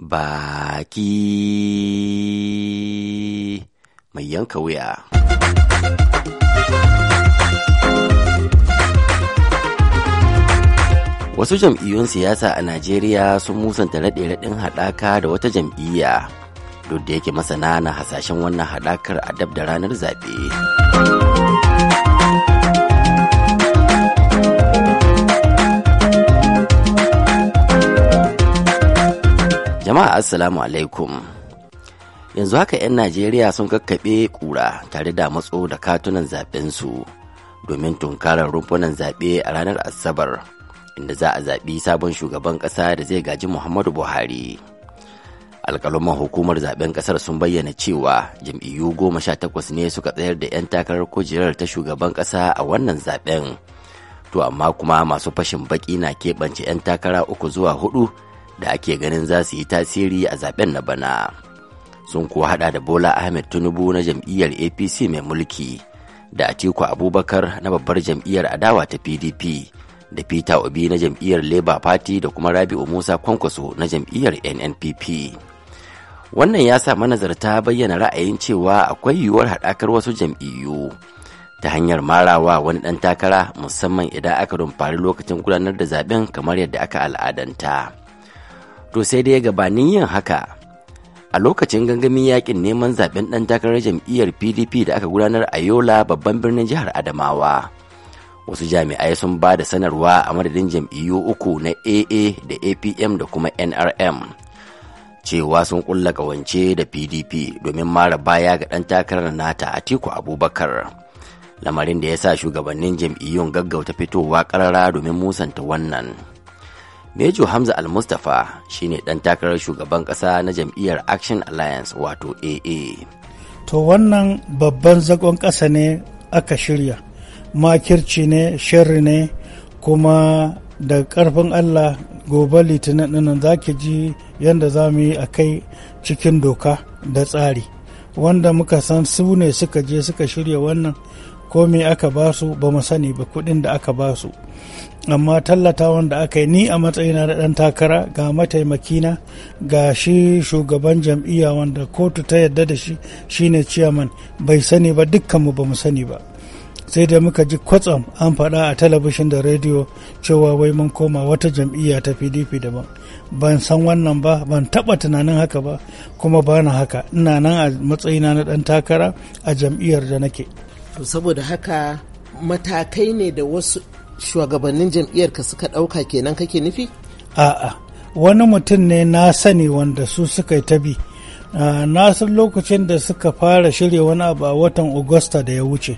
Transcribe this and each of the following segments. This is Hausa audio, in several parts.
baki mai yanka wuya. Wasu jam'iyyun siyasa a Najeriya sun musanta raɗe-raɗin haɗaka da wata jam'iyya duk da yake masana na hasashen wannan haɗakar a da ranar zaɓe. Jama'a Assalamu alaikum. Yanzu haka 'yan Najeriya sun kakkaɓe kura tare da matso da katunan zaɓensu domin tunkarar rumfunan zaɓe a ranar Asabar inda za a zaɓi sabon shugaban ƙasa da zai gaji Muhammadu Buhari. alkaluman hukumar zaɓen ƙasar sun bayyana cewa jam'iyyu goma sha takwas ne suka tsayar da 'yan takarar kujerar ta shugaban ƙasa a wannan zaɓen to amma kuma masu fashin baƙi na keɓance 'yan takara uku zuwa hudu da ake ganin za su yi tasiri a zaben na bana sun kuwa hada da bola ahmed tinubu na jam'iyyar apc mai mulki da atiku abubakar na babbar jam'iyyar adawa ta pdp da peter obi na jam'iyyar labour party da kuma rabi'u musa kwankwaso na jam'iyyar nnpp wannan ya sa manazarta bayyana ra'ayin cewa akwai yiwuwar haɗakar wasu jam'iyyu ta hanyar marawa wani ɗan takara musamman idan aka rumfari lokacin gudanar da zaben kamar yadda aka al'adanta. to sai dai gabanin yin haka a lokacin gangamin yakin neman zaben ɗan takarar jam'iyyar pdp da aka gudanar a yola babban birnin jihar adamawa wasu jami'ai sun ba da sanarwa a madadin jam'iyyu uku na aa da apm da kuma nrm cewa sun kulla kawance da pdp domin mara baya ga ɗan takarar nata atiku abubakar lamarin da ya sa shugabannin jam'iyyun gaggauta fitowa ƙarara domin musanta wannan Mejo Hamza Al-Mustapha ne ɗan takarar shugaban ƙasa na jam'iyyar Action Alliance wato AA. To wannan babban zagon ƙasa ne aka shirya, makirci ne, shirri ne, kuma da ƙarfin Allah gobe litinin ɗinnan za ki ji yadda za mu yi a kai cikin doka da tsari. Wanda muka san su ne suka je suka shirya wannan ko aka ba su ba mu sani ba kuɗin da aka ba su amma tallata wanda aka yi ni a matsayina na ɗan takara ga mataimakina ga shi shugaban jam'iyya wanda kotu ta yarda da shi shine ciyaman bai sani ba dukkanmu ba mu sani ba sai da muka ji kwatsam an faɗa a talabishin da rediyo cewa wai mun koma wata jam'iyya ta pdp daban ban san wannan ba ban taɓa tunanin haka ba kuma ba haka ina nan a matsayina na ɗan takara a jam'iyyar da nake to saboda haka matakai ne da wasu shugabannin ka suka ɗauka kenan kake nufi a'a wani mutum ne na sani wanda su suka yi tabi ah, na san lokacin da suka fara shirya wani abu a watan augusta da ya wuce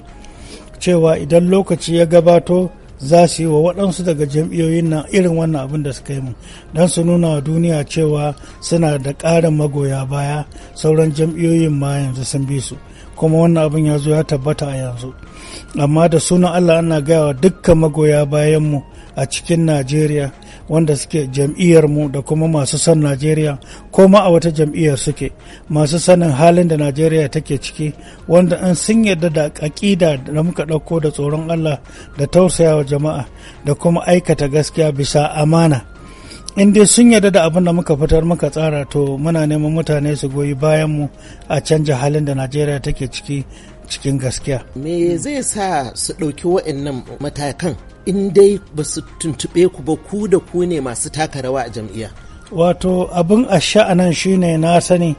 cewa idan lokaci ya gabato za su yi wa waɗansu daga jam'iyyoyin na irin wannan abin da suka yi mu don su nuna wa duniya cewa suna da ƙarin magoya baya sauran jam'iyyoyin ma yanzu sun bi su kuma wannan abin ya zo ya tabbata a yanzu amma da sunan allah ana gaya wa dukkan magoya bayanmu a cikin najeriya wanda suke mu da kuma masu son najeriya ko ma a wata jam'iyyar suke masu sanin halin da najeriya take ciki wanda an sun yarda da aƙida da muka ɗauko da tsoron allah da tausayawa jama'a da kuma aikata gaskiya bisa amana in dai sun yarda da abin da muka fitar muka tsara to muna neman mutane su goyi bayan mu a canja halin da najeriya take ciki cikin gaskiya me zai sa su ɗauki wa'annan matakan in dai ba su tuntuɓe ku ba ku da ku ne masu taka rawa a jam'iyya wato abin a sha'anan shine na sani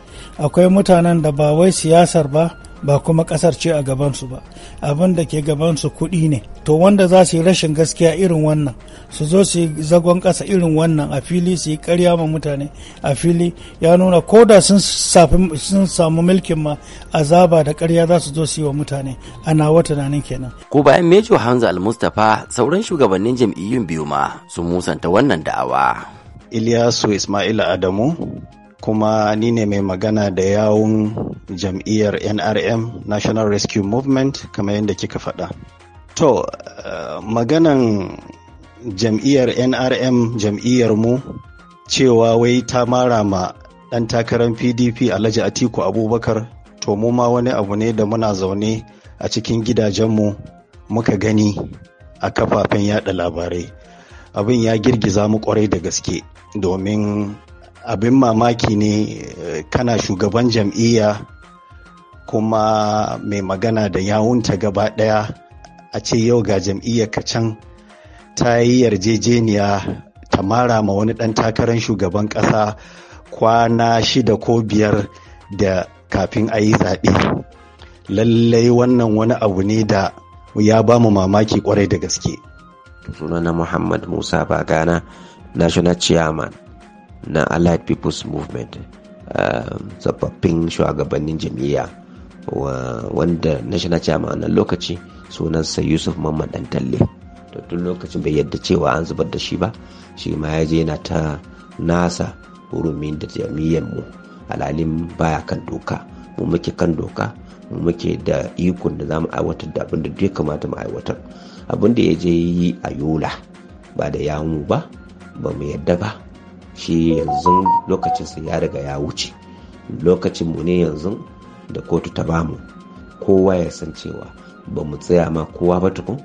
akwai mutanen da ba wai siyasar ba ba kuma kasar ce a gabansu ba abin da ke gabansu kuɗi ne to wanda za su yi rashin gaskiya irin wannan su zo su yi zagon ƙasa irin wannan a fili su yi karya ma mutane a fili ya nuna ko da sun samu mulkin ma azaba da karya za su zo su yi wa mutane ana wata tunanin kenan ko bayan mejo hanzu al-mustapha sauran shugabannin jam'iyyun biyu ma sun musanta wannan da'awa Ilyasu Ismaila Adamu kuma ni ne mai magana da yawun jam'iyyar NRM National Rescue Movement kamar yadda kika faɗa. To, uh, maganan jam'iyyar NRM jam'iyyar mu cewa wai ta mara ma ɗan takarar PDP Alhaji Atiku Abubakar to mu ma wani abu ne da muna zaune a cikin gidajenmu muka gani a kafafen yada labarai. Abin ya girgiza mu kwarai da gaske domin abin mamaki ne eh, kana shugaban jam'iyya kuma mai magana da yawunta gaba ɗaya a ce yau ga jam'iyyar ka can ta yi yarjejeniya ta mara ma wani ɗan takarar shugaban ƙasa kwana shida ko biyar da kafin a yi zaɓe lallai wannan wani abu ne da ya ba mu mamaki kwarai da gaske sunana muhammad musa bagana national chairman na allied people's movement um, tsofaffin shugabannin jam'iyya wanda national chairman na lokaci sunansa yusuf mamman dan talle to tun lokacin bai yadda cewa an zubar da shi ba shi ma ya je yana ta nasa hurumin da jam'iyyar mu alalin baya kan doka mu muke kan doka mu muke da ikon da zamu aiwatar da abin da duk kamata mu aiwatar abin da ya je yi a yola ba da yamu ba ba mu yadda ba shi yanzu lokacinsa ya riga ya wuce lokacinmu ne yanzu da kotu ta bamu kowa ya san cewa ba mu tsaya ma kowa ba tukun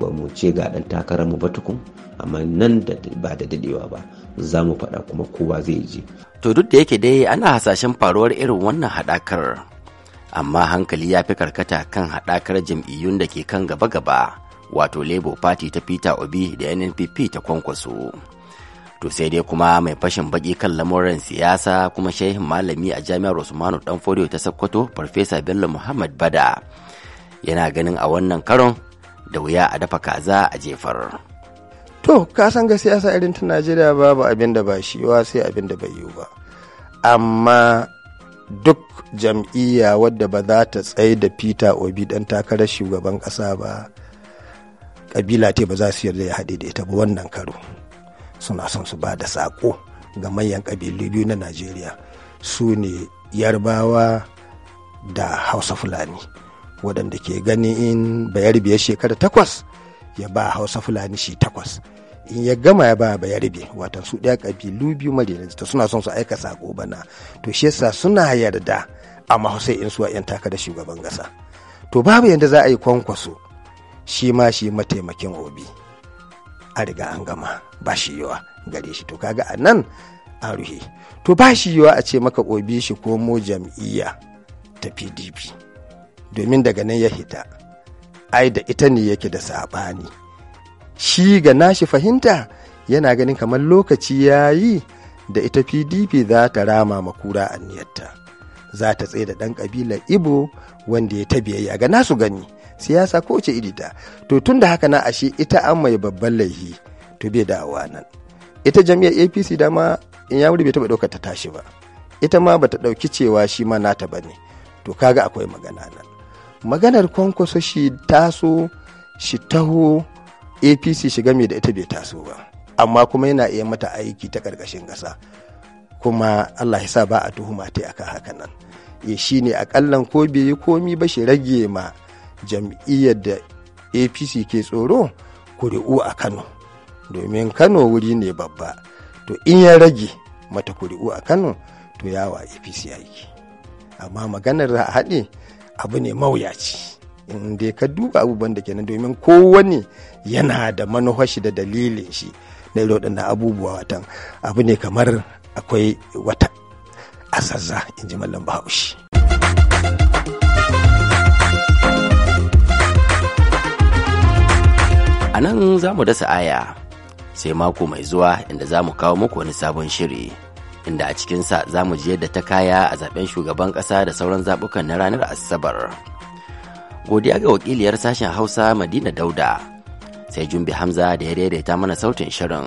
ba mu ce ga ɗan takararmu ba tukun amma nan da ba da dadewa ba za mu faɗa kuma kowa zai je. to duk da yake dai ana hasashen faruwar irin wannan haɗakar amma hankali ya fi karkata kan haɗakar jam'iyyun da ke kan gaba-gaba wato labour party ta peter obi da nnpp ta kwankwaso. to sai dai kuma mai fashin baki kan lamuran siyasa kuma shehin malami a jami'ar usmanu danfodiyo ta sokoto farfesa bello muhammad bada yana ganin a wannan karon da wuya a dafa kaza a jefar to ka san ga siyasa irin ta najeriya babu abin da ba shi wa sai abin da bai yiwu ba amma duk jam'iyya wadda ba za ta tsaye da peter obi dan takarar shugaban kasa ba kabila te ba za su yarda ya haɗe da ita ba wannan karo suna son su ba da saƙo ga manyan ƙabilu biyu na najeriya su ne yarbawa da hausa fulani waɗanda ke gani in bayar biyar shekara takwas ya ba hausa fulani shi takwas in ya gama ya ba bayarbe watan su ɗaya ƙabilu biyu madinanta suna son su aika sako bana to shi yasa suna yarda amma mahausai in su yan taka shugaban ƙasa to babu yadda za a yi kwankwaso shi ma shi mataimakin obi an riga an gama ba shi yawa gare shi to kaga a nan an ruhe to ba shi yawa a ce maka obi shi ko mu jam'iyya ta pdp domin daga nan ya hita ai da ita ne yake da saɓani shi ga nashi fahimta yana ganin kamar lokaci ya yi da ita pdp za ta rama makura niyatta za ta tsaye da ɗan ƙabilar ibo wanda ya ta biyayya ga nasu gani siyasa ko ce iri to tun da haka na ashe ita an mai babban laifi to bai dawa nan ita jami'ar apc dama in ya bai taɓa ɗaukar ta tashi ba ita ma bata ɗauki cewa shi ma nata ba ne to kaga akwai magana nan maganar kwankwaso shi taso shi taho apc shiga mai da ita bai taso ba amma kuma yana iya mata aiki ta ƙarƙashin ƙasa kuma allah ya sa ba a tuhuma ta akan haka nan ya eh, shi ne akallan ko bai yi komi ba shi rage ma jam'iyyar da apc ke tsoro kuri'u a kano domin kano wuri ne babba to in ya rage mata kuri'u a kano to yawa apc aiki amma maganar a haɗe abu ne mawuyaci in dai ka duba abubuwan da kenan domin kowane yana da manufashi da dalilin shi na waɗannan abubuwa watan abu ne kamar akwai wata asazza in ji mallam bahaushe a nan za mu dasa aya sai mako mai zuwa inda za mu kawo muku wani sabon shiri inda a cikinsa za mu ji yadda ta kaya a zaben shugaban ƙasa da sauran zaɓukan na ranar asabar godiya ga wakiliyar sashen hausa madina dauda sai jumbi hamza da ya daidaita mana sautin shirin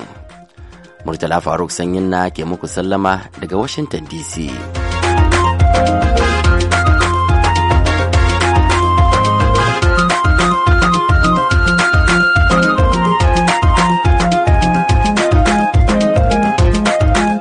murtala faruk sanyin na ke muku sallama daga washington dc